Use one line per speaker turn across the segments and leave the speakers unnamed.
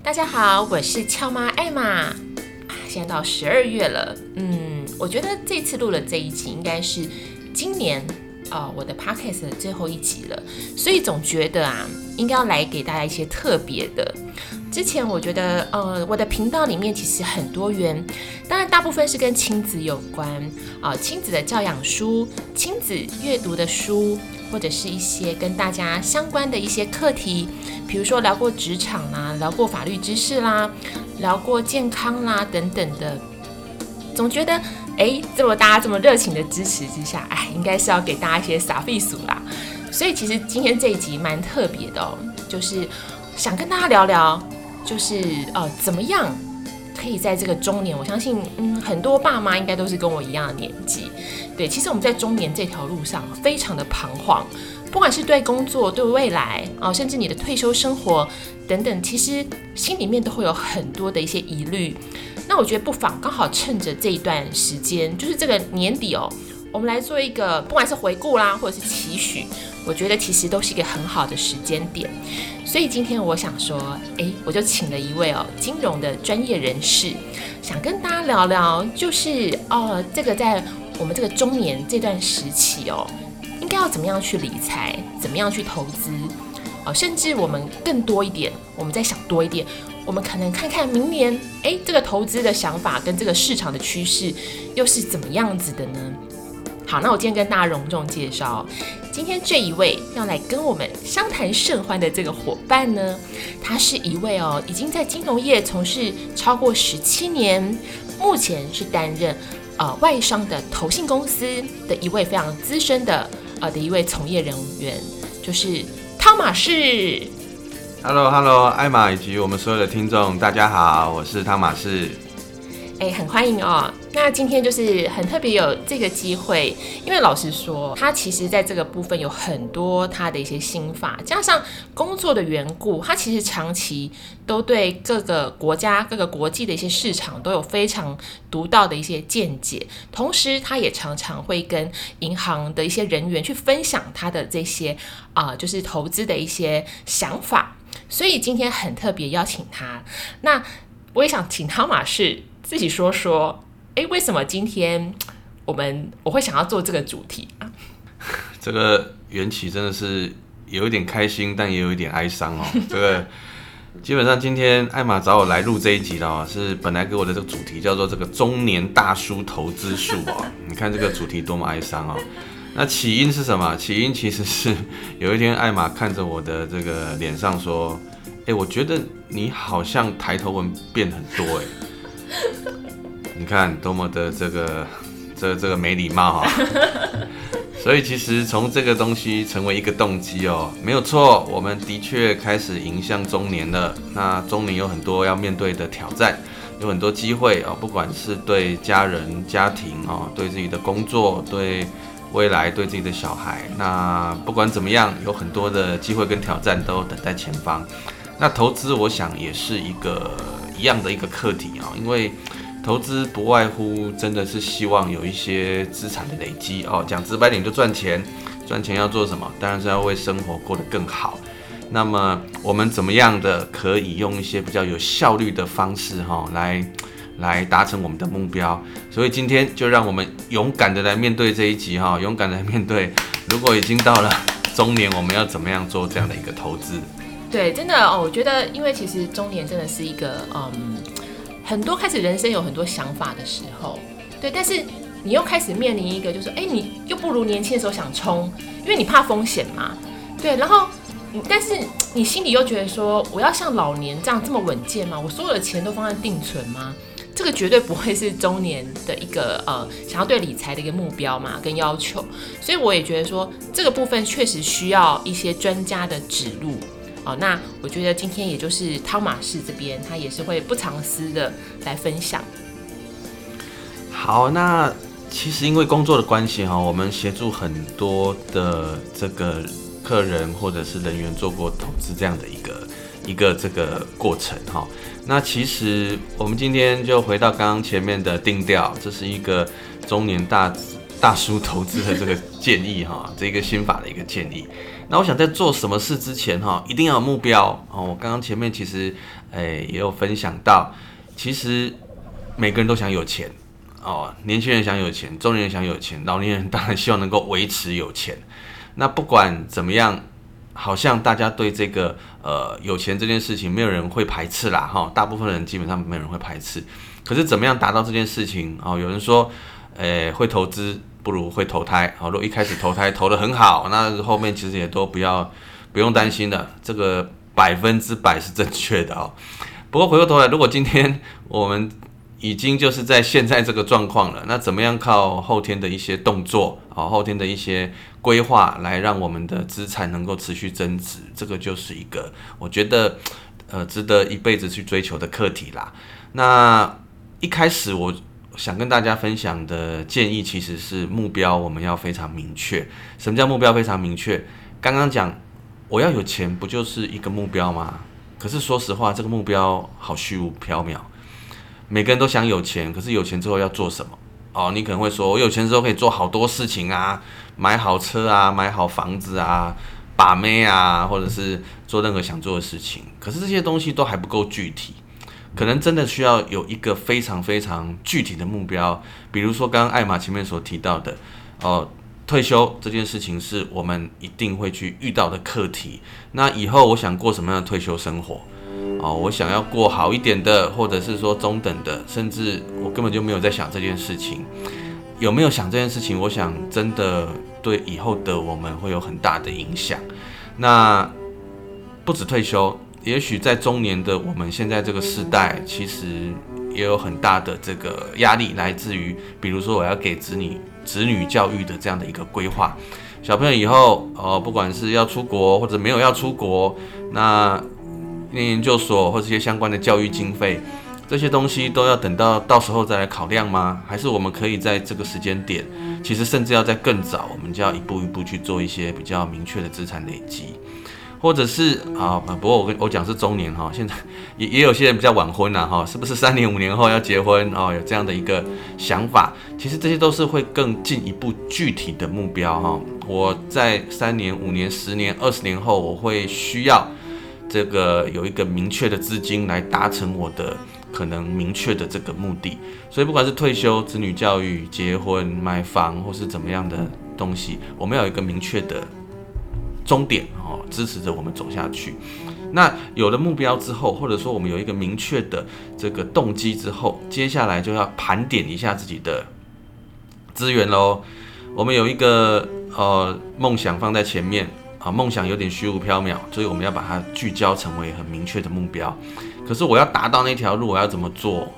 大家好，我是俏媽艾瑪。現在到十二月了，嗯，我覺得這次錄了這一集，應該是今年啊、呃、我的 podcast 的最後一集了，所以總覺得啊，應該要來給大家一些特別的。之前我覺得，呃，我的頻道裡面其實很多元，當然大部分是跟親子有關啊、呃，親子的教養書、親子閱讀的書。或者是一些跟大家相關的一些課題，比如說聊過職場啊，聊過法律知識啦、啊，聊過健康啦、啊、等等的，總覺得哎，這麼大家這麼熱情的支持之下，哎，應該是要給大家一些殺必死啦。所以其實今天這一集蠻特別的哦，就是想跟大家聊聊，就是呃，怎麼樣可以在這個中年，我相信，嗯，很多爸媽應該都是跟我一樣的年紀，對。其實我們在中年這條路上非常的彷徨，不管是對工作、對未來啊、哦，甚至你的退休生活等等，其實心裡面都會有很多的一些疑慮。那我覺得不妨剛好趁着這一段時間，就是這個年底哦。我們來做一個，不管是回顧啦，或者是期許，我覺得其實都是一個很好的時間點。所以今天我想說，哎，我就請了一位哦，金融的專業人士，想跟大家聊聊，就是哦，這個在我們這個中年這段時期哦，應該要怎麼樣去理財，怎麼樣去投資，哦，甚至我們更多一點，我們再想多一點，我們可能看看明年，哎，這個投資的想法跟這個市場的趨勢又是怎麼樣子的呢？好，那我今天跟大家隆重介紹，今天這一位要來跟我們相談甚歡的這個夥伴呢，他是一位哦，已經在金融業從事超過十七年，目前是擔任呃外商的投信公司的一位非常資深的啊、呃、的一位從業人員，就是湯瑪士。
Hello，Hello，hello, 艾瑪以及我們所有的聽眾，大家好，我是湯瑪士。
哎、欸，很歡迎哦。那今天就是很特別有這個機會，因為老實說，他其實在這個部分有很多他的一些心法，加上工作的緣故，他其實長期都對各個國家、各個國際的一些市場都有非常獨到的一些見解。同時，他也常常會跟銀行的一些人員去分享他的這些啊、呃，就是投資的一些想法。所以今天很特別邀請他。那我也想請湯馬士自己說說。哎、欸，為什麼今天我們我會想要做這個主題啊？
這個緣起真的是有一點開心，但也有一點哀傷哦。這個基本上今天艾瑪找我來錄這一集的、哦、是本來給我的這個主題叫做“這個中年大叔投資術”哦， 你看這個主題多麼哀傷哦。那起因是什麼？起因其實是有一天艾瑪看着我的這個臉上說：“哎、欸，我覺得你好像抬頭紋變很多、欸。”哎。你看多麼的這個，這個、這個沒禮貌哈。 所以其實從這個東西成為一個動機哦，沒有錯。我們的確開始迎向中年了。那中年有很多要面對的挑戰，有很多機會哦，不管是對家人、家庭哦，對自己的工作，對未來，對自己的小孩，那不管怎麼樣，有很多的機會跟挑戰都等在前方。那投資我想也是一個一樣的一個課題啊、哦，因為。投資不外乎真的是希望有一些資產的累積哦。講直白點，就賺錢。賺錢要做什麼？當然是要為生活過得更好。那麼我們怎麼樣的可以用一些比較有效率的方式哈、哦，來來達成我們的目標？所以今天就讓我們勇敢的來面對這一集哈、哦，勇敢的來面對。如果已經到了中年，我們要怎麼樣做這樣的一個投資？
對，真的哦，我覺得因為其實中年真的是一個嗯。很多開始人生有很多想法的時候，對，但是你又開始面臨一個，就是誒、欸，你又不如年輕的時候想衝，因為你怕風險嘛，對。然後，但是你心裡又覺得說，我要像老年這樣這麼穩健嗎？我所有的錢都放在定存嗎？這個絕對不會是中年的一個呃，想要對理財的一個目標嘛，跟要求。所以我也覺得說，這個部分確實需要一些專家的指路。好，那我覺得今天也就是湯瑪士這邊，他也是會不藏私的來分享。
好，那其實因為工作的關係哈，我們協助很多的這個客人或者是人員做過投資這樣的一個一個這個過程哈。那其實我們今天就回到剛剛前面的定調，這是一個中年大大叔投資的這個建議哈， 這個心法的一個建議。那我想在做什麼事之前，哈，一定要有目標哦。我剛剛前面其實，欸，也有分享到，其實每個人都想有錢哦。年輕人想有錢，中年人想有錢，老年人當然希望能夠維持有錢。那不管怎麼樣，好像大家對這個呃有錢這件事情，沒有人會排斥啦，哈。大部分人基本上沒有人會排斥。可是怎麼樣達到這件事情？哦，有人說，欸，會投資。不如會投胎，好，如果一開始投胎投得很好，那後面其實也都不要不用擔心了，這個百分之百是正確的哦。不過回過頭來，如果今天我們已經就是在現在這個狀況了，那怎麼樣靠後天的一些動作，好，後天的一些規劃來讓我們的資產能夠持續增值，這個就是一個我覺得呃值得一輩子去追求的課題啦。那一開始我想跟大家分享的建議，其實是目標我們要非常明確。什麼叫目標非常明確？剛剛講我要有錢，不就是一個目標嗎？可是說實話，這個目標好虛無縹緲。每個人都想有錢，可是有錢之後要做什麼？哦，你可能會說我有錢之後可以做好多事情啊，買好車啊，買好房子啊，把妹啊，或者是做任何想做的事情。可是這些東西都還不夠具體。可能真的需要有一個非常非常具體的目標，比如說剛剛艾瑪前面所提到的，哦，退休這件事情是我們一定會去遇到的課題。那以後我想過什麼樣的退休生活？哦，我想要過好一點的，或者是說中等的，甚至我根本就沒有在想這件事情。有沒有想這件事情？我想真的對以後的我們會有很大的影響。那不止退休。也許在中年的我們現在這個時代，其實也有很大的這個壓力，來自於比如說我要給子女，子女教育的這樣的一個規劃，小朋友以後呃不管是要出國或者沒有要出國，那念研究所或者這些相關的教育經費，這些東西都要等到到時候再來考量嗎？還是我們可以在這個時間點，其實甚至要再更早，我們就要一步一步去做一些比較明確的資產累積。或者是啊、哦，不過我跟我講是中年哈，現在也也有些人比較晚婚了，啊、哈，是不是三年五年後要結婚哦？有這樣的一個想法，其實這些都是會更進一步具體的目標哈。我在三年五年十年二十年後，我會需要這個有一個明確的資金來達成我的可能明確的這個目的。所以不管是退休、子女教育、結婚、買房或是怎麼樣的東西，我們要有一個明確的。終點哦，支持着我們走下去。那有了目標之後，或者說我們有一個明確的這個動機之後，接下來就要盤點一下自己的資源嘍。我們有一個呃夢想放在前面啊，夢想有點虛無縹緲，所以我們要把它聚焦成為很明確的目標。可是我要達到那條路，我要怎麼做？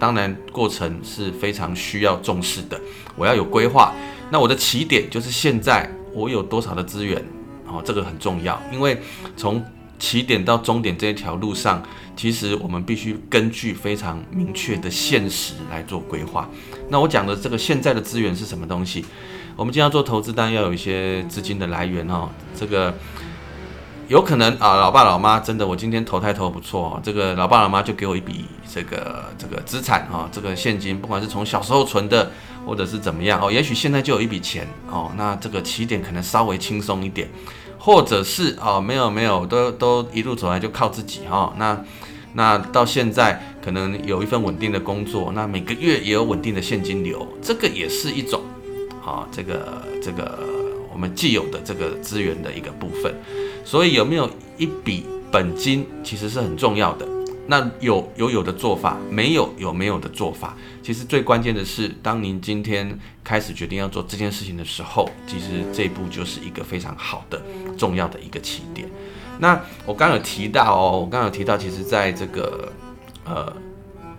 當然，過程是非常需要重視的。我要有規劃。那我的起點就是現在，我有多少的資源？哦，這個很重要，因為從起點到終點這一條路上，其實我們必須根據非常明確的現實來做規劃。那我講的這個現在的資源是什麼東西？我們今天要做投資，當然要有一些資金的來源哦。這個有可能啊，老爸老媽真的，我今天投胎投不錯、哦，這個老爸老媽就給我一筆這個這個資產啊、哦，這個現金，不管是從小時候存的，或者是怎麼樣哦，也許現在就有一筆錢哦，那這個起點可能稍微輕鬆一點。或者是啊、哦，沒有沒有，都都一路走來就靠自己哈、哦。那那到現在可能有一份穩定的工作，那每個月也有穩定的現金流，這個也是一種好、哦。這個這個我們既有的這個資源的一個部分。所以有沒有一筆本金其實是很重要的。那有有有的做法，沒有有沒有的做法，其實最關鍵的是，當您今天開始決定要做這件事情的時候，其實這一步就是一個非常好的。重要的一個起點。那我剛剛有提到哦，我剛剛有提到，其實在這個呃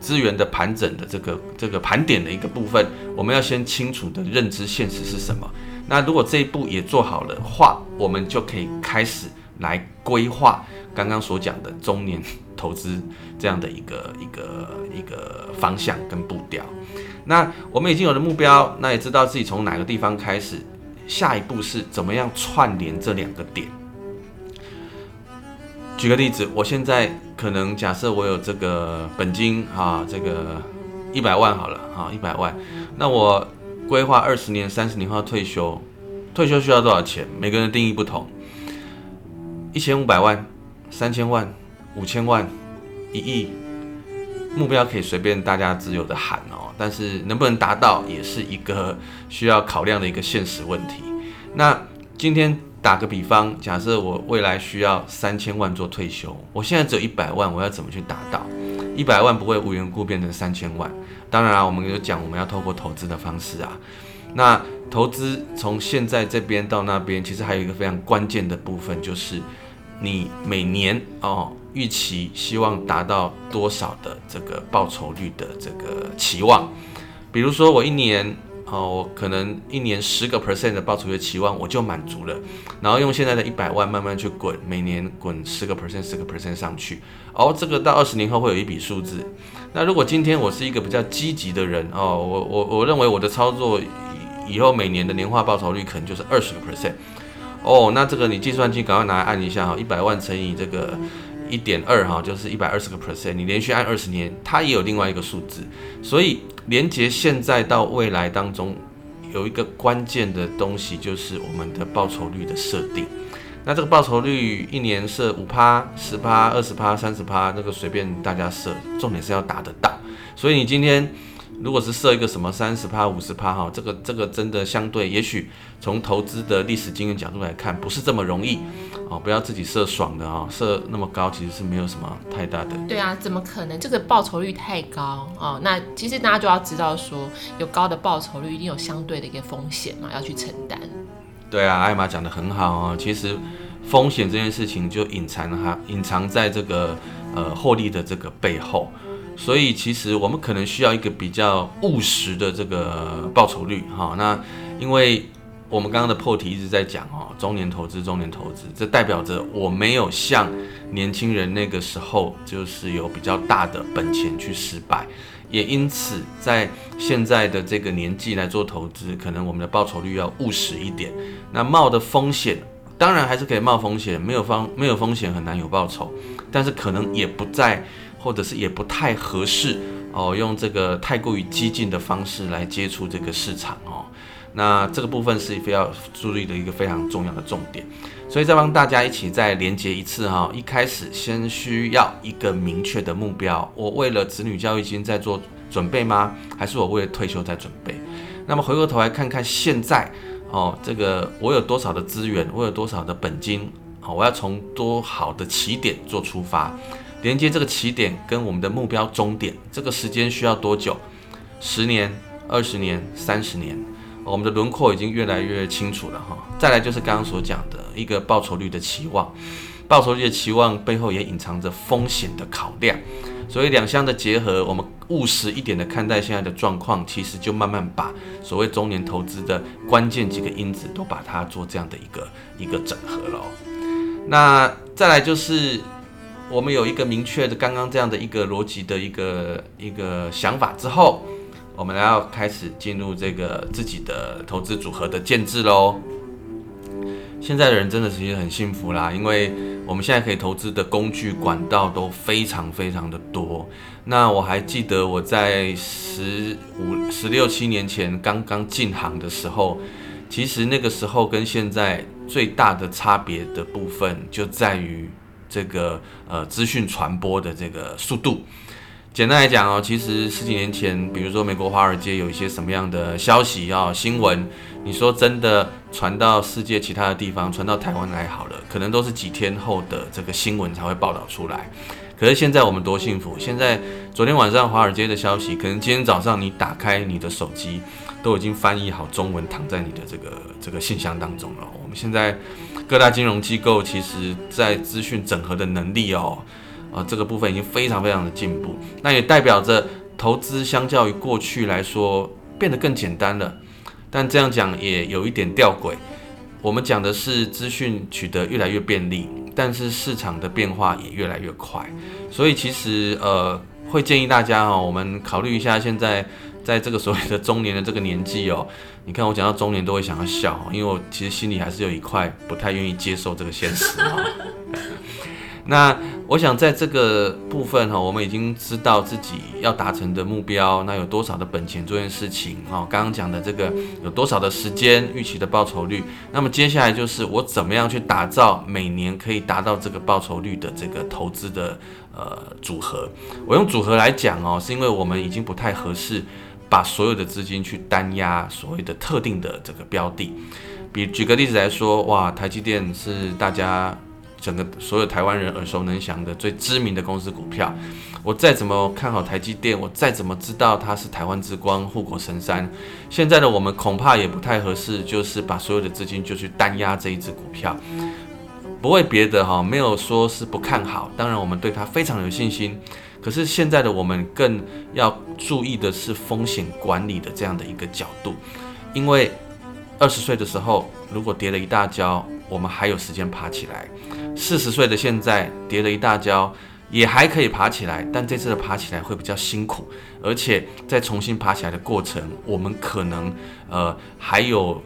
資源的盤整的這個這個盤點的一個部分，我們要先清楚的認知現實是什麼。那如果這一步也做好了話，我們就可以開始來規劃剛剛所講的中年投資這樣的一個一個一個方向跟步調。那我們已經有了目標，那也知道自己從哪個地方開始。下一步是怎麼樣串聯這兩個點？舉個例子，我現在可能假設我有這個本金啊，這個一百萬好了啊，一百萬。那我規劃二十年、三十年後退休，退休需要多少錢？每個人定義不同，一千五百萬、三千萬、五千萬、一億，目標可以隨便大家自由的喊哦。但是能不能達到也是一個需要考量的一個現實問題。那今天打個比方，假設我未來需要三千萬做退休，我現在只有一百萬，我要怎麼去達到？一百萬不會無緣故變成三千萬。當然啊，我們有講我們要透過投資的方式啊。那投資從現在這邊到那邊，其實還有一個非常關鍵的部分，就是你每年哦。預期希望達到多少的這個報酬率的這個期望？比如說我一年哦，我可能一年十個 percent 的報酬率的期望我就滿足了，然後用現在的一百萬慢慢去滾，每年滾十個 percent、十個 percent 上去，哦，這個到二十年後會有一筆數字。那如果今天我是一個比較積極的人哦，我我我認為我的操作以後每年的年化報酬率可能就是二十個 percent 哦，那這個你計算機趕快拿來按一下啊，哦，一百萬乘以這個。一點二哈，1 1. 2, 就是一百二十個 percent，你連續按二十年，它也有另外一個數字。所以連結現在到未來當中有一個關鍵的東西，就是我們的報酬率的設定。那這個報酬率一年設五趴、十趴、二十趴、三十趴，那個隨便大家設，重點是要達得到。所以你今天。如果是設一個什麼三十趴、五十趴哈，這個這個真的相對，也許從投資的歷史經驗角度來看，不是這麼容易哦。不要自己設爽的啊、哦，設那麼高其實是沒有什麼太大的。對
啊，怎麼可能？這個報酬率太高哦。那其實大家就要知道說，有高的報酬率一定有相對的一個風險嘛，要去承擔。
對啊，艾瑪講得很好哦。其實風險這件事情就隱藏哈，隱藏在這個呃獲利的這個背後。所以其實我們可能需要一個比較務實的這個報酬率哈。那因為我們剛剛的破題一直在講哦，中年投資，中年投資，這代表着我沒有像年輕人那個時候就是有比較大的本錢去失敗，也因此在現在的這個年紀來做投資，可能我們的報酬率要務實一點。那冒的風險當然還是可以冒風險，沒有風，沒有風險很難有報酬，但是可能也不在。或者是也不太合適哦，用這個太過於激進的方式來接觸這個市場哦，那這個部分是非要注意的一個非常重要的重點。所以再幫大家一起再連接一次哈、哦，一開始先需要一個明確的目標，我為了子女教育金在做準備嗎？還是我為了退休在準備？那麼回過頭來看看現在哦，這個我有多少的資源，我有多少的本金，好、哦，我要從多好的起點做出發。連接這個起點跟我們的目標終點，這個時間需要多久？十年、二十年、三十年、哦，我們的輪廓已經越來越清楚了哈、哦。再來就是剛剛所講的一個報酬率的期望，報酬率的期望背後也隱藏着風險的考量，所以兩相的結合，我們務實一點的看待現在的狀況，其實就慢慢把所謂中年投資的關鍵幾個因子都把它做這樣的一個一個整合了。那再來就是。我們有一個明確的剛剛這樣的一個邏輯的一個一個想法之後，我們來要開始進入這個自己的投資組合的建制嘍。現在的人真的是很幸福啦，因為我們現在可以投資的工具管道都非常非常的多。那我還記得我在十五、十六、七年前剛剛進行的時候，其實那個時候跟現在最大的差別的部分就在於。這個呃，資訊傳播的這個速度，簡單來講哦，其實十幾年前，比如說美國華爾街有一些什麼樣的消息啊、哦、新聞，你說真的傳到世界其他的地方，傳到台灣來好了，可能都是幾天後的這個新聞才會報道出來。可是現在我們多幸福，現在昨天晚上華爾街的消息，可能今天早上你打開你的手機，都已經翻譯好中文，躺在你的這個這個信箱當中了。我們現在。各大金融機構其實在資訊整合的能力哦，呃，這個部分已經非常非常的進步，那也代表着投資相較於過去來說變得更簡單了。但這樣講也有一點吊詭，我們講的是資訊取得越來越便利，但是市場的變化也越來越快，所以其實呃會建議大家哈、哦，我們考慮一下現在。在這個所謂的中年的這個年紀哦，你看我講到中年都會想要笑，哦，因為我其實心裡還是有一塊不太願意接受這個現實哦， 那我想在這個部分哈，哦，我們已經知道自己要達成的目標，那有多少的本錢做這件事情哦？剛剛講的這個有多少的時間預期的報酬率？那麼接下來就是我怎麼樣去打造每年可以達到這個報酬率的這個投資的呃組合。我用組合來講哦，是因為我們已經不太合適。把所有的資金去單壓所謂的特定的這個標的比，比舉個例子來說，哇，台積電是大家整個所有台灣人耳熟能詳的最知名的公司股票。我再怎麼看好台積電，我再怎麼知道它是台灣之光、護國神山，現在呢，我們恐怕也不太合適，就是把所有的資金就去單壓這一只股票。不為別的哈、哦，沒有說是不看好，當然我們對它非常有信心。可是現在的我們更要注意的是風險管理的這樣的一個角度，因為二十歲的時候如果跌了一大跤，我們還有時間爬起來；四十歲的現在跌了一大跤，也還可以爬起來，但這次的爬起來會比較辛苦，而且在重新爬起來的過程，我們可能呃還有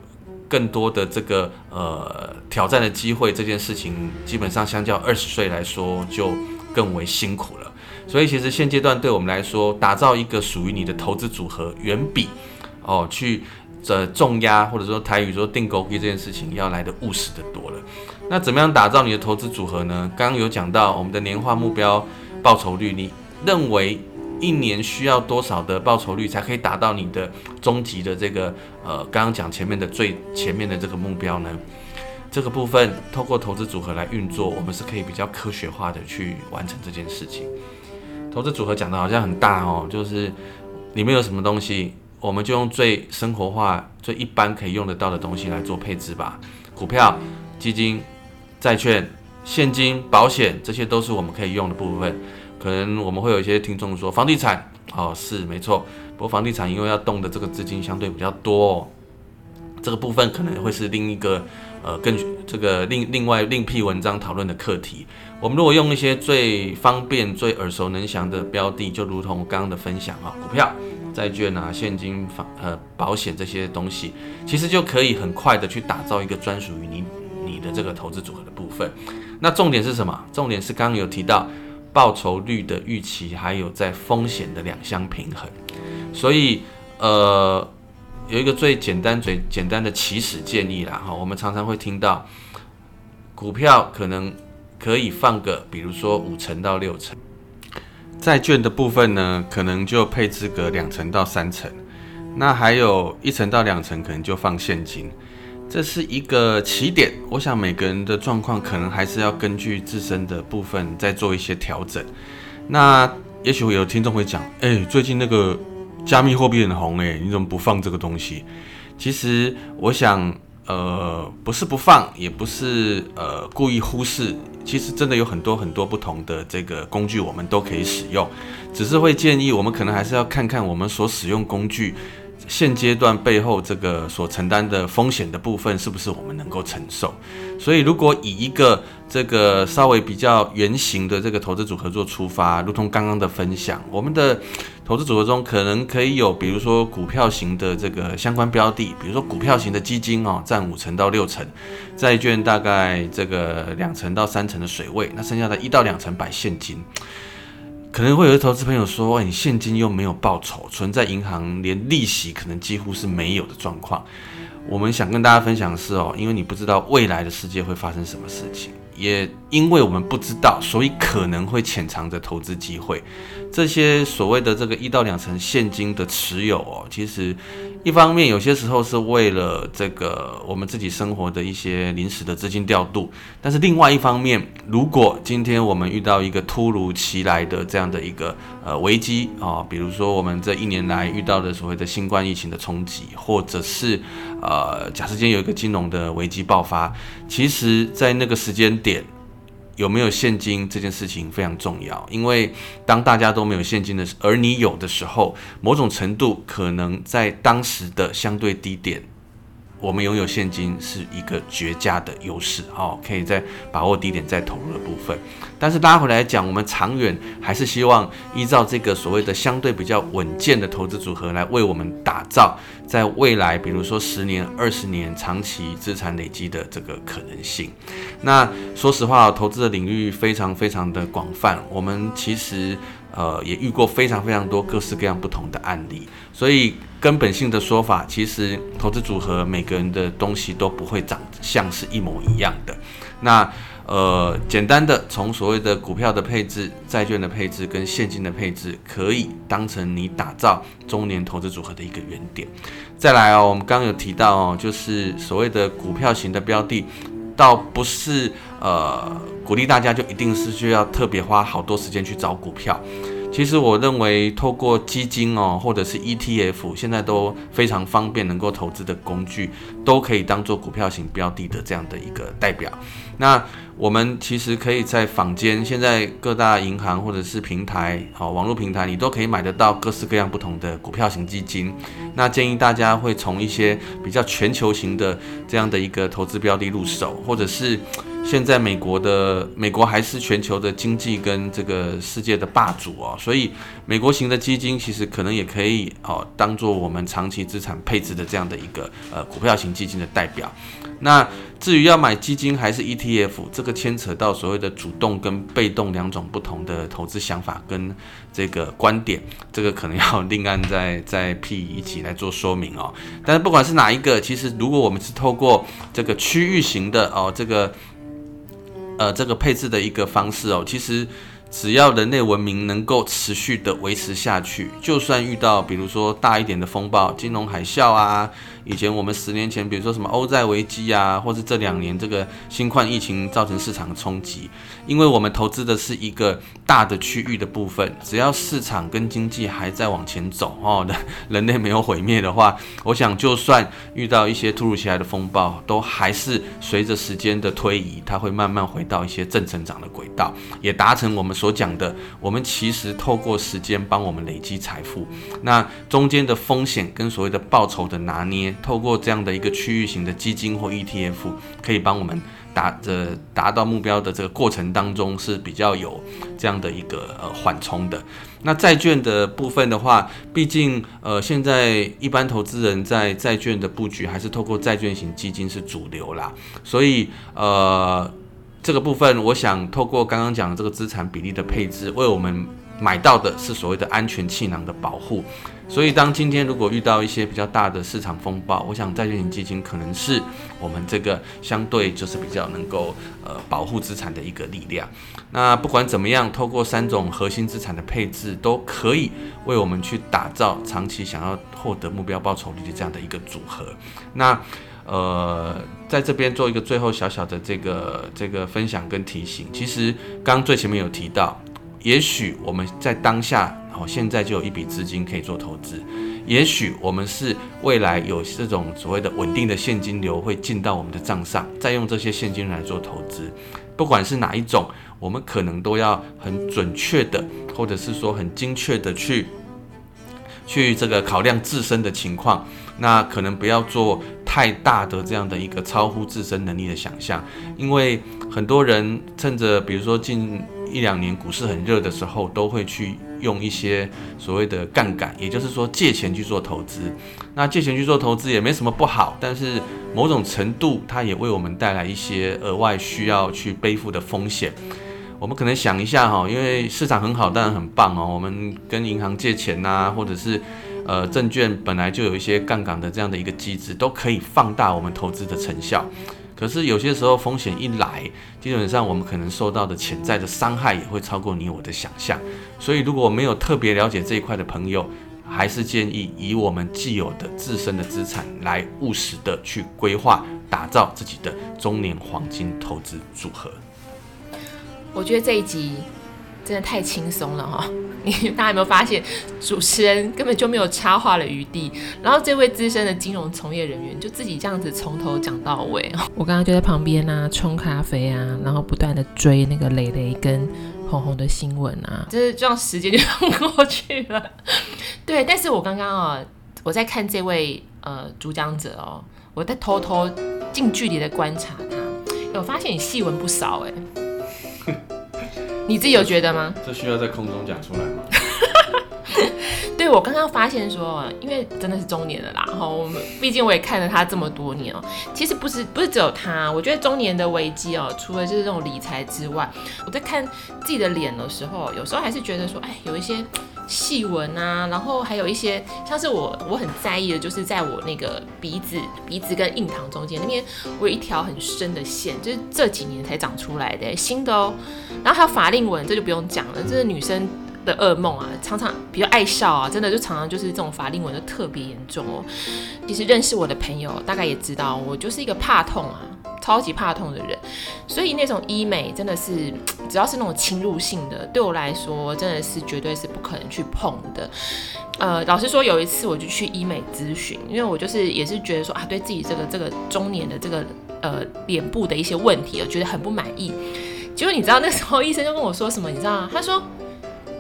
更多的這個呃挑戰的機會。這件事情基本上相較二十歲來說就更為辛苦了。所以其實現階段對我們來說，打造一個屬於你的投資組合，遠比哦去這、呃、重壓或者說台語說釘孤枝這件事情要來得務實的多了。那怎麼樣打造你的投資組合呢？剛剛有講到我們的年化目標報酬率，你認為一年需要多少的報酬率才可以達到你的終極的這個呃剛剛講前面的最前面的這個目標呢？這個部分透過投資組合來運作，我們是可以比較科學化的去完成這件事情。投資組合講的好像很大哦，就是裡面有什麼東西，我們就用最生活化、最一般可以用得到的東西來做配置吧。股票、基金、債券、現金、保險，這些都是我們可以用的部分。可能我們會有一些聽眾說，房地產哦，是沒錯，不過房地產因為要動的這個資金相對比較多，這個部分可能會是另一個。呃，根據這個另另外另闢文章討論的課題，我們如果用一些最方便、最耳熟能詳的標的，就如同我剛剛的分享啊、哦，股票、債券啊、現金、保呃保險這些東西，其實就可以很快的去打造一個專屬於你你的這個投資組合的部分。那重點是什麼？重點是剛剛有提到報酬率的預期，還有在風險的兩相平衡。所以，呃。有一個最簡單、最簡單的起始建議啦，哈，我們常常會聽到，股票可能可以放個，比如說五成到六成，債券的部分呢，可能就配置個兩成到三成，那還有一成到兩成可能就放現金，這是一個起點。我想每個人的狀況可能還是要根據自身的部分再做一些調整。那也許會有聽眾會講，哎，最近那個。加密貨幣很紅誒，你怎麼不放這個東西？其實我想，呃，不是不放，也不是呃故意忽視。其實真的有很多很多不同的這個工具，我們都可以使用。只是會建議我們可能還是要看看我們所使用工具現階段背後這個所承擔的風險的部分是不是我們能夠承受。所以，如果以一個這個稍微比較圓形的這個投資組合做出發，如同剛剛的分享，我們的。投資組合中可能可以有，比如說股票型的這個相關標的，比如說股票型的基金哦，占五成到六成，債券大概這個兩成到三成的水位，那剩下的一到兩成擺現金。可能會有的投資朋友說，哎，你現金又沒有報酬，存在銀行連利息可能幾乎是沒有的狀況。我們想跟大家分享的是哦，因為你不知道未來的世界會發生什麼事情。也因為我們不知道，所以可能會潛藏着投資機會。這些所謂的這個一到兩成現金的持有哦，其實，一方面，有些時候是為了這個我們自己生活的一些臨時的資金調度，但是另外一方面，如果今天我們遇到一個突如其來的這樣的一個呃危機啊、呃，比如說我們這一年來遇到的所謂的新冠疫情的衝擊，或者是呃，假設今天有一個金融的危機爆發，其實在那個時間點。有沒有現金這件事情非常重要，因為當大家都沒有現金的，而你有的時候，某種程度可能在當時的相對低點。我們擁有現金是一個絕佳的優勢啊，可以在把握低點再投入的部分。但是拉回來講，我們長遠還是希望依照這個所謂的相對比較穩健的投資組合來為我們打造，在未來，比如說十年、二十年長期資產累積的這個可能性。那說實話，投資的領域非常非常的廣泛，我們其實呃也遇過非常非常多各式各樣不同的案例，所以。根本性的說法，其實投資組合每個人的東西都不會長像是一模一樣的。那呃，簡單的從所謂的股票的配置、債券的配置跟現金的配置，可以當成你打造中年投資組合的一個原點。再來哦，我們剛剛有提到哦，就是所謂的股票型的標的，倒不是呃鼓勵大家就一定是需要特別花好多時間去找股票。其實我認為，透過基金哦，或者是 ETF，現在都非常方便能夠投資的工具，都可以當做股票型標的的這樣的一個代表。那我們其實可以在坊間，現在各大銀行或者是平台，好、哦、網絡平台，你都可以買得到各式各樣不同的股票型基金。那建議大家會從一些比較全球型的這樣的一個投資標的入手，或者是。現在美國的美國還是全球的經濟跟這個世界的霸主哦。所以美國型的基金其實可能也可以哦，當做我們長期資產配置的這樣的一個呃股票型基金的代表。那至於要買基金還是 ETF，這個牽扯到所謂的主動跟被動兩種不同的投資想法跟這個觀點，這個可能要另案再再闢一集來做說明哦。但是不管是哪一個，其實如果我們是透過這個區域型的哦，這個。呃，這個配置的一個方式哦，其實只要人類文明能夠持續的維持下去，就算遇到比如說大一點的風暴、金融海嘯啊。以前我們十年前，比如說什麼歐債危機啊，或是這兩年這個新冠疫情造成市場的衝擊，因為我們投資的是一個大的區域的部分，只要市場跟經濟還在往前走哦，人類沒有毀滅的話，我想就算遇到一些突如其來的風暴，都還是隨着時間的推移，它會慢慢回到一些正成長的。到也達成我們所講的，我們其實透過時間幫我們累積財富，那中間的風險跟所謂的報酬的拿捏，透過這樣的一個區域型的基金或 ETF，可以幫我們達呃達到目標的這個過程當中是比較有這樣的一個呃緩衝的。那債券的部分的話，畢竟呃現在一般投資人在債券的布局還是透過債券型基金是主流啦，所以呃。這個部分，我想透過剛剛講的這個資產比例的配置，為我們買到的是所謂的安全氣囊的保護。所以，當今天如果遇到一些比較大的市場風暴，我想債券型基金可能是我們這個相對就是比較能夠呃保護資產的一個力量。那不管怎麼樣，透過三種核心資產的配置都可以為我們去打造長期想要獲得目標報酬率的這樣的一個組合。那呃。在這邊做一個最後小小的這個這個分享跟提醒。其實剛剛最前面有提到，也許我們在當下哦，現在就有一筆資金可以做投資，也許我們是未來有這種所謂的穩定的現金流會進到我們的賬上，再用這些現金來做投資。不管是哪一種，我們可能都要很準確的，或者是說很精確的去去這個考量自身的情況。那可能不要做，太大的這樣的一個超乎自身能力的想象因為很多人趁着比如說近一兩年股市很熱的時候，都會去用一些所謂的槓桿，也就是說借錢去做投資。那借錢去做投資也沒什麼不好，但是某種程度它也為我們帶來一些額外需要去背負的風險。我們可能想一下哈、哦，因為市場很好，當然很棒哦，我們跟銀行借錢吶、啊，或者是。呃，證券本來就有一些槓桿的這樣的一個機制，都可以放大我們投資的成效。可是有些時候風險一來，基本上我們可能受到的潛在的傷害也會超過你我的想象。所以，如果沒有特別了解這一塊的朋友，還是建議以我們既有的自身的資產來務實的去規劃、打造自己的中年黃金投資組合。
我覺得這一集。真的太輕鬆了哈、喔！你大家有沒有發現，主持人根本就沒有插話的餘地，然後這位資深的金融從業人員就自己這樣子從頭講到尾。我剛剛就在旁邊啊沖咖啡啊，然後不斷的追那個蕾蕾跟紅紅的新聞啊，就是這樣時間就過去了。對，但是我剛剛啊，我在看這位呃主講者哦、喔，我在偷偷近距離的觀察他，欸、我發現你細紋不少哎、欸。你自己有覺得嗎？
這需要在空中講出來嗎？
我剛剛發現說，因為真的是中年了啦，哈，我們畢竟我也看了他這麼多年哦。其實不是不是只有他，我覺得中年的危機哦，除了就是這種理財之外，我在看自己的臉的時候，有時候還是覺得說，哎，有一些細紋啊，然後還有一些像是我我很在意的，就是在我那個鼻子鼻子跟印堂中間那邊，我有一條很深的線，就是這幾年才長出來的、欸、新的哦。然後還有法令紋，這就不用講了，這是女生的噩夢啊，常常比較愛笑啊，真的就常常就是這種法令紋就特別嚴重哦。其實認識我的朋友大概也知道，我就是一個怕痛啊，超級怕痛的人，所以那種醫美真的是只要是那種侵入性的，對我來說真的是絕對是不可能去碰的。呃，老實說，有一次我就去醫美諮詢，因為我就是也是覺得說啊，對自己這個這個中年的這個呃臉部的一些問題，我覺得很不滿意。結果你知道那時候醫生就跟我說什麼，你知道嗎？他說。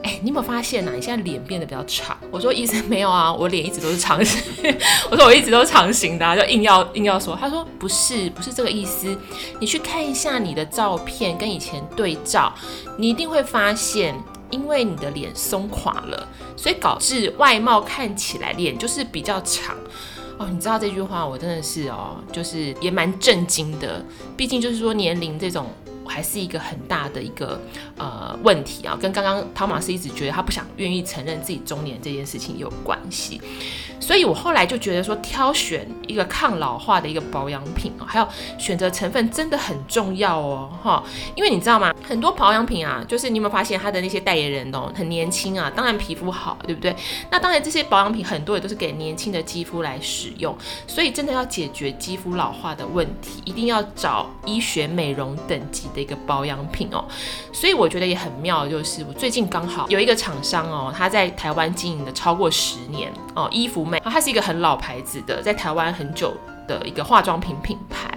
哎、欸，你有沒有發現啊？你現在臉變得比較長。我說，意思沒有啊，我臉一直都是長型。 我說，我一直都是長型的，啊，就硬要硬要說。他說，不是，不是這個意思。你去看一下你的照片，跟以前對照，你一定會發現，因為你的臉鬆垮了，所以導致外貌看起來臉就是比較長。哦，你知道這句話，我真的是哦，就是也蠻震驚的。畢竟就是說年齡這種。還是一個很大的一個呃問題啊，跟剛剛湯瑪士一直覺得他不想、願意承認自己中年這件事情有關係。所以我後來就覺得說，挑選一個抗老化的一個保養品、啊，還有選擇成分真的很重要哦，哈。因為你知道嗎？很多保養品啊，就是你有沒有發現它的那些代言人哦，很年輕啊，當然皮膚好，對不對？那當然，這些保養品很多也都是給年輕的肌膚來使用，所以真的要解決肌膚老化的問題，一定要找醫學美容等級。的一個保養品哦，所以我覺得也很妙，就是我最近剛好有一個廠商哦，他在台灣經營了超過十年哦，伊芙美，它是一個很老牌子的，在台灣很久的一個化妝品品牌，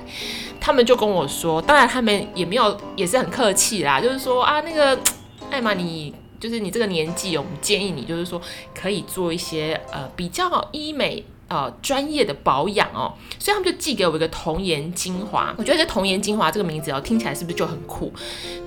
他們就跟我說，當然他們也沒有，也是很客氣啦，就是說啊，那個艾瑪你就是你這個年紀，我們建議你就是說可以做一些呃比較醫美。呃，專、哦、業的保養哦，所以他們就寄給我一個童顏精華。我覺得這童顏精華這個名字哦，聽起來是不是就很酷？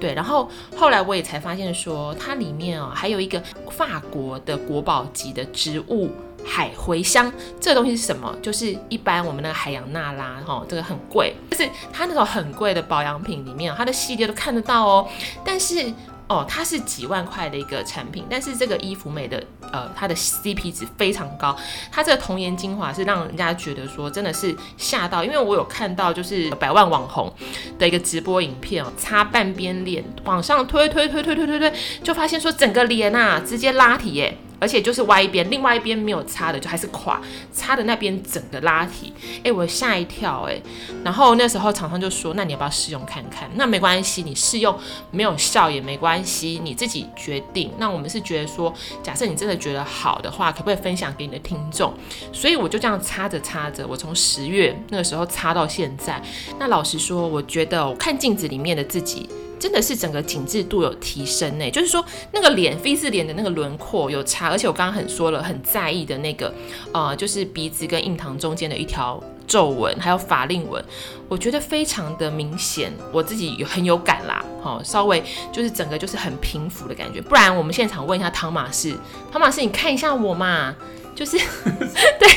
對，然後後來我也才發現說，它裡面哦，還有一個法國的國寶級的植物海茴香。這個、東西是什麼？就是一般我們那個海洋娜拉哈、哦，這個很貴，就是它那種很貴的保養品裡面，它的系列都看得到哦。但是，哦，它是幾萬塊的一個產品，但是這個伊芙美的呃，它的 CP 值非常高。它這個童顏精華是讓人家覺得說真的是嚇到，因為我有看到就是百萬網紅的一個直播影片哦，擦半邊臉往上推推推推推推推，就發現說整個臉吶、啊、直接拉提耶、欸。而且就是歪一邊，另外一邊沒有擦的就還是垮，擦的那邊整個拉提誒、欸，我嚇一跳誒、欸。然後那時候廠商就說，那你要不要試用看看？那沒關係，你試用沒有效也沒關係，你自己決定。那我們是覺得說，假設你真的覺得好的話，可不可以分享給你的聽眾？所以我就這樣擦着擦着，我從十月那個時候擦到現在。那老實說，我覺得我看鏡子裡面的自己。真的是整個緊緻度有提升呢、欸,就是說那個臉、V 字臉的那個輪廓有差,而且我剛剛很說了,很在意的那個,呃,就是鼻子跟印堂中間的一條皺紋,還有法令紋,我覺得非常的明顯,我自己有很有感啦,哦,稍微就是整個就是很平服的感覺,不然我們現場問一下湯瑪士,湯瑪士,你看一下我嘛,就是, 對,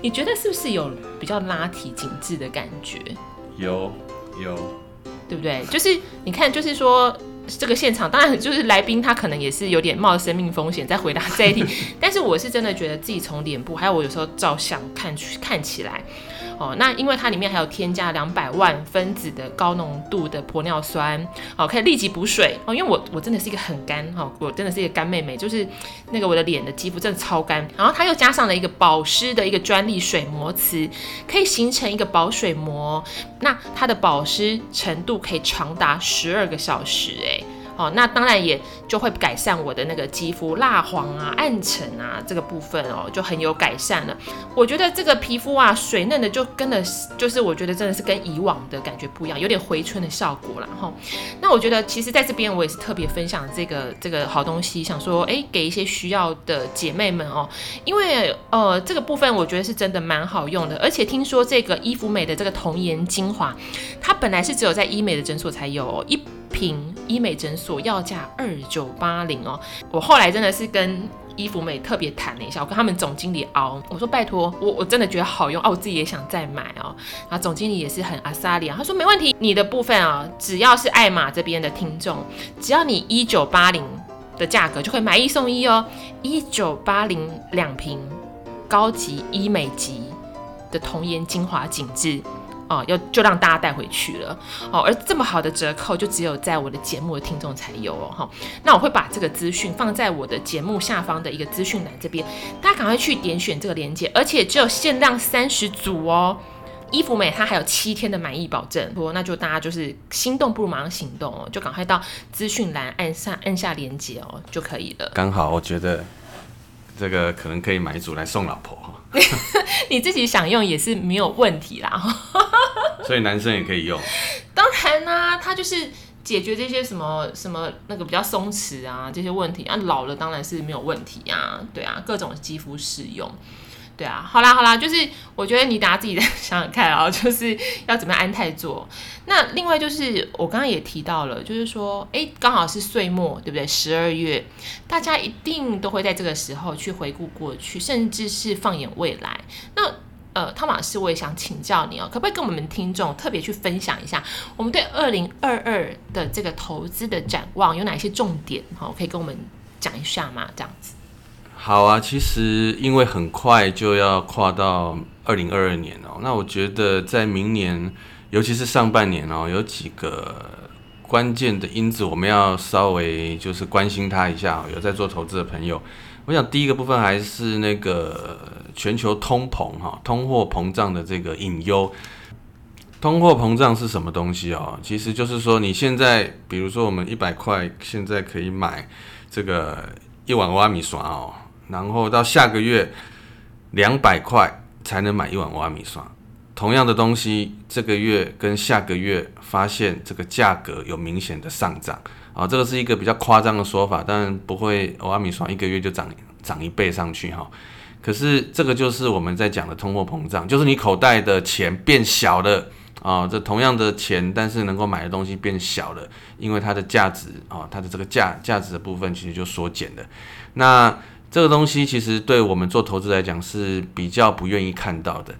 你覺得是不是有比較拉提緊緻的感覺?
有,有。
對不對？就是你看，就是說這個現場，當然就是來賓，他可能也是有點冒生命風險在回答這一題。但是我是真的覺得自己從臉部，還有我有時候照相看去看起來。哦，那因為它裡面還有添加兩百萬分子的高濃度的玻尿酸，哦，可以立即補水哦。因為我我真的是一個很乾哈、哦，我真的是一個乾妹妹，就是那個我的臉的肌膚真的超乾。然後它又加上了一個保濕的一個專利水膜瓷，可以形成一個保水膜，那它的保濕程度可以長達十二個小時哎、欸。哦，那當然也就會改善我的那個肌膚蠟黃啊、暗沉啊這個部分哦，就很有改善了。我覺得這個皮膚啊，水嫩的，就跟的，就是我覺得真的是跟以往的感覺不一樣，有點回春的效果啦。吼、哦，那我覺得其實在這邊我也是特別分享這個這個好東西，想說哎，給一些需要的姐妹們哦，因為呃這個部分我覺得是真的蠻好用的，而且聽說這個伊芙美的這個童顏精華，它本來是只有在醫美的診所才有一、哦。瓶醫美診所要價二九八零，哦，我後來真的是跟伊芙美特別談了一下，我跟他們總經理熬。我說拜託，我我真的覺得好用哦，我自己也想再買哦，然後總經理也是很阿莎力啊，他說沒問題，你的部分啊、哦，只要是艾瑪這邊的聽眾，只要你一九八零的價格就可以買一送一哦，一九八零兩瓶高級醫美級的童顏精華緊致。哦，要就讓大家帶回去了哦，而這麼好的折扣就只有在我的節目的聽眾才有哦哈、哦。那我會把這個資訊放在我的節目下方的一個資訊欄這邊，大家趕快去點選這個鏈接，而且只有限量三十組哦。伊芙美它還有七天的滿意保證，不那就大家就是心動不如馬上行動哦，就趕快到資訊欄按下按下鏈接哦就可以了。剛
好，我覺得。這個可能可以買一組來送老婆，
你自己想用也是沒有問題啦 ，
所以男生也可以用。
當然啦、啊，它就是解決這些什麼什麼那個比較鬆弛啊這些問題啊，老了當然是沒有問題啊，對啊，各種肌膚適用。對啊，好啦好啦，就是我覺得你大家自己再想想看啊、哦，就是要怎麼安泰做。那另外就是我剛剛也提到了，就是說，誒，剛好是歲末，對不對？十二月，大家一定都會在這個時候去回顧過去，甚至是放眼未來。那呃，湯瑪士，我也想請教你哦，可不可以跟我們聽眾特別去分享一下，我們對二零二二的這個投資的展望有哪些重點？好、哦，可以跟我們講一下嗎？這樣子。
好啊，其實因為很快就要跨到二零二二年哦，那我覺得在明年，尤其是上半年哦，有幾個關鍵的因子，我們要稍微就是關心它一下，哦。有在做投資的朋友，我想第一個部分還是那個全球通膨哈，哦，通貨膨脹的這個隱憂。通貨膨脹是什麼東西哦？其實就是說，你現在比如說我們一百塊，現在可以買這個一碗挖米刷哦。然後到下個月，兩百塊才能買一碗阿米刷。同樣的東西，這個月跟下個月發現這個價格有明顯的上漲啊、哦，這個是一個比較誇張的說法，但不會阿米刷一個月就漲漲一倍上去哈、哦。可是這個就是我們在講的通貨膨脹，就是你口袋的錢變小了啊、哦，這同樣的錢，但是能夠買的東西變小了，因為它的價值啊、哦，它的這個價價值的部分其實就縮減了。那這個東西其實對我們做投資來講是比較不願意看到的。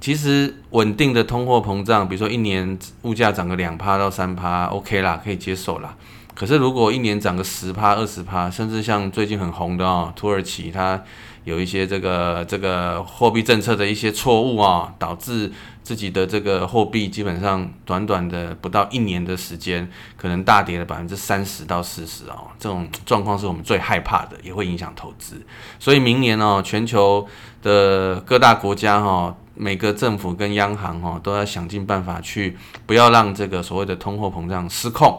其實穩定的通貨膨脹，比如說一年物價漲個兩趴到三趴，OK 啦，可以接受啦。可是如果一年漲個十趴、二十趴，甚至像最近很紅的哦，土耳其它有一些這個這個貨幣政策的一些錯誤啊、哦，導致。自己的這個貨幣基本上短短的不到一年的時間，可能大跌了百分之三十到四十哦，這種狀況是我們最害怕的，也會影響投資。所以明年哦，全球的各大國家哈、哦，每個政府跟央行哈、哦，都要想盡辦法去不要讓這個所謂的通貨膨脹失控。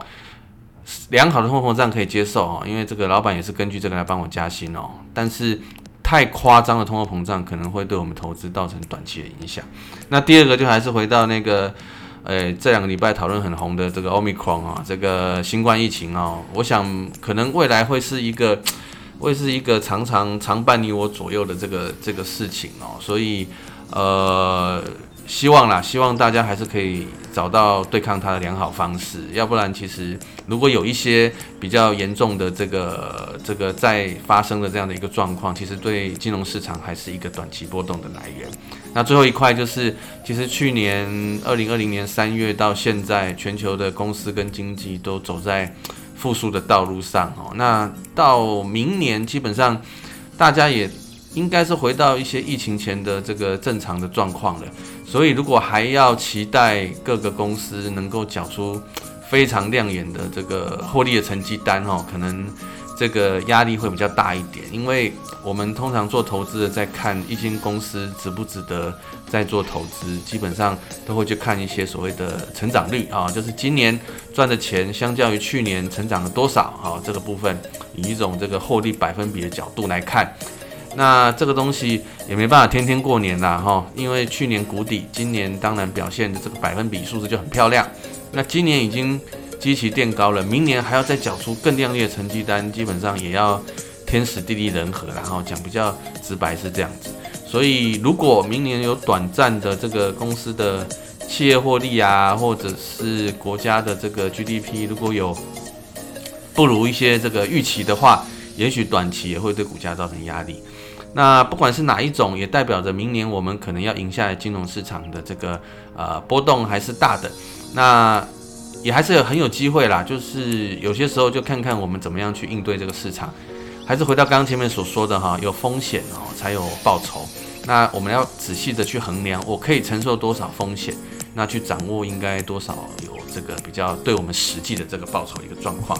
良好的通貨膨脹可以接受哦，因為這個老闆也是根據這個來幫我加薪哦，但是。太誇張的通貨膨脹可能會對我們投資造成短期的影響。那第二個就還是回到那個，呃、欸，這兩個禮拜討論很紅的這個 Omicron 啊，這個新冠疫情啊，我想可能未來會是一個會是一個常常常伴你我左右的這個這個事情哦、啊，所以呃。希望啦，希望大家還是可以找到對抗它的良好方式，要不然其實如果有一些比較嚴重的這個這個在發生的這樣的一個狀況，其實對金融市場還是一個短期波動的來源。那最後一塊就是，其實去年二零二零年三月到現在，全球的公司跟經濟都走在復甦的道路上哦。那到明年，基本上大家也。應該是回到一些疫情前的這個正常的狀況了，所以如果還要期待各個公司能夠繳出非常亮眼的這個獲利的成績單哦，可能這個壓力會比較大一點，因為我們通常做投資的在看一間公司值不值得再做投資，基本上都會去看一些所謂的成長率啊、哦，就是今年賺的錢相較於去年成長了多少啊、哦，這個部分以一種這個獲利百分比的角度來看。那這個東西也沒辦法天天過年啦哈，因為去年谷底，今年當然表現的這個百分比數字就很漂亮。那今年已經基期墊高了，明年還要再繳出更亮麗的成績單，基本上也要天時地利人和啦，然後講比較直白是這樣子。所以如果明年有短暫的這個公司的企業獲利啊，或者是國家的這個 GDP 如果有不如一些這個預期的話，也許短期也會對股價造成壓力。那不管是哪一種，也代表着明年我們可能要贏下來金融市場的這個呃波動還是大的，那也還是很有機會啦。就是有些時候就看看我們怎麼樣去應對這個市場，還是回到剛剛前面所說的哈，有風險哦才有報酬。那我們要仔細的去衡量我可以承受多少風險，那去掌握應該多少有這個比較對我們實際的這個報酬一個狀況。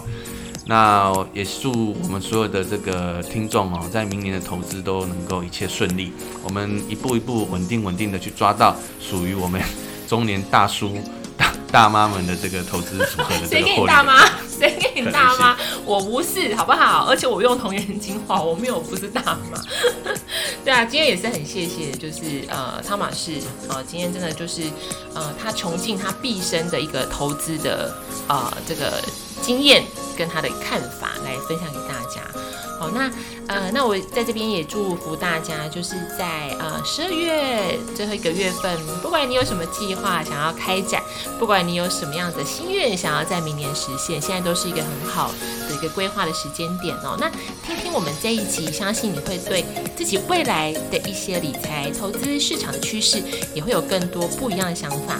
那也祝我們所有的這個聽眾哦，在明年的投資都能夠一切順利，我們一步一步穩定穩定的去抓到屬於我們中年大叔大大媽們的這個投資組合的
這個貨。誰給你大媽？誰給你大媽？我不是，好不好？而且我用童顏精華，我沒有我不是大媽。 對啊，今天也是很謝謝，就是呃，湯瑪士啊，呃，今天真的就是呃，他窮盡他畢生的一個投資的啊，呃，這個。經驗跟他的看法來分享給大家。好，那呃，那我在這邊也祝福大家，就是在呃十二月最後一個月份，不管你有什麼計劃想要開展，不管你有什麼樣的心願想要在明年實現，現在都是一個很好的一個規劃的時間點哦。那聽聽我們這一集，相信你會對自己未來的一些理財、投資市場的趨勢，也會有更多不一樣的想法。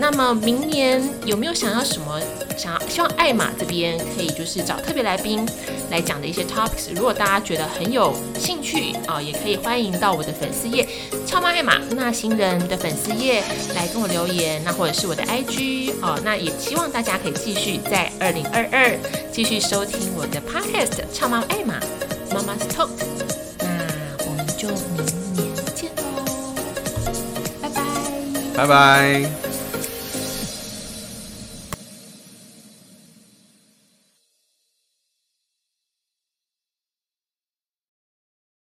那麼明年有沒有想要什麼？想要，希望艾瑪這邊可以就是找特別來賓來講的一些 topics。如果大家覺得很有興趣啊、哦，也可以歡迎到我的粉絲頁“俏媽艾瑪”那行人的粉絲頁來跟我留言。那或者是我的 IG 哦。那也希望大家可以繼續在二零二二繼續收聽我的 podcast“ 俏媽艾瑪媽媽 's talk”。那我們就明年見嘍！拜拜，拜拜。